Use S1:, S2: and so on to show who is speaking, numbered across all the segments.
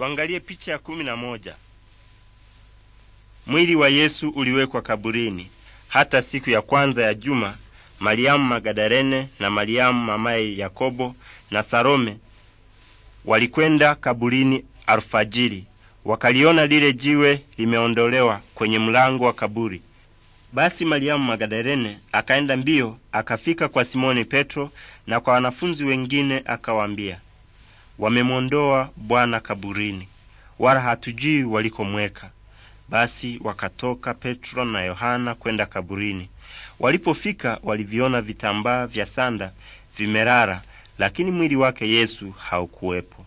S1: Tuangalie picha ya kumi na moja. Mwili wa Yesu uliwekwa kaburini. Hata siku ya kwanza ya juma, Mariamu Magadarene na Mariamu mamaye Yakobo na Salome walikwenda kaburini alfajiri, wakaliona lile jiwe limeondolewa kwenye mlango wa kaburi. Basi Mariamu Magadarene akaenda mbio akafika kwa Simoni Petro na kwa wanafunzi wengine, akawaambia wamemwondoa Bwana kaburini, wala hatujui walikomweka. Basi wakatoka Petro na Yohana kwenda kaburini. Walipofika waliviona vitambaa vya sanda vimerara, lakini mwili wake Yesu haukuwepo.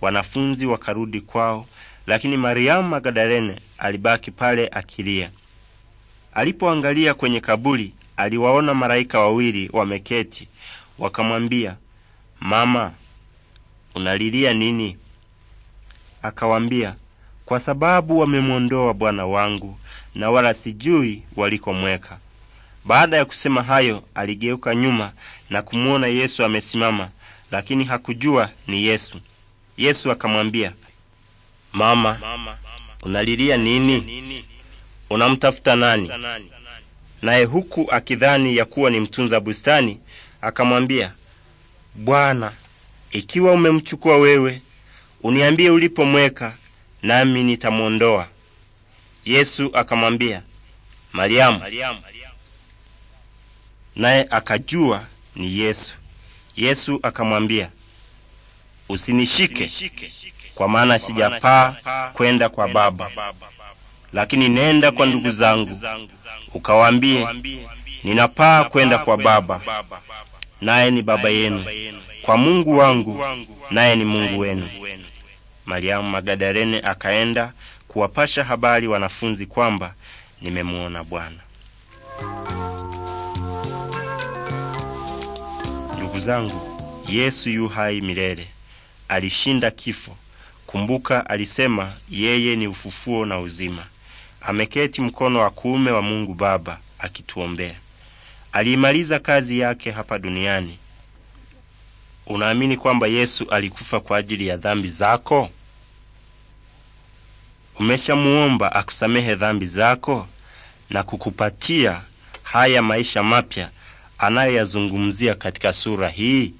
S1: Wanafunzi wakarudi kwao, lakini Mariamu Magadalene alibaki pale akilia. Alipoangalia kwenye kaburi, aliwaona malaika wawili wameketi, wakamwambia, Mama, unalilia nini? Akawambia, kwa sababu wamemwondoa bwana wangu, na wala sijui walikomweka. Baada ya kusema hayo, aligeuka nyuma na kumwona Yesu amesimama, lakini hakujua ni Yesu. Yesu akamwambia, mama, unalilia nini? Unamtafuta nani? Naye huku akidhani ya kuwa ni mtunza bustani, akamwambia, Bwana, ikiwa umemchukua wewe, uniambie ulipomweka, nami nitamwondoa. Yesu akamwambia Mariamu. Naye akajua ni Yesu. Yesu akamwambia, usinishike, kwa maana sijapaa kwenda kwa Baba, lakini nenda kwa ndugu zangu ukawaambie, ninapaa kwenda kwa Baba, naye ni Baba yenu kwa Mungu wangu, naye ni Mungu wenu. Mariamu Magadarene akaenda kuwapasha habari wanafunzi kwamba nimemuona Bwana. Ndugu zangu, Yesu yu hai milele, alishinda kifo. Kumbuka alisema yeye ni ufufuo na uzima. Ameketi mkono wa kuume wa Mungu Baba akituombea. Aliimaliza kazi yake hapa duniani unaamini kwamba Yesu alikufa kwa ajili ya dhambi zako? Umeshamuomba akusamehe dhambi zako na kukupatia haya maisha mapya anayoyazungumzia katika sura hii?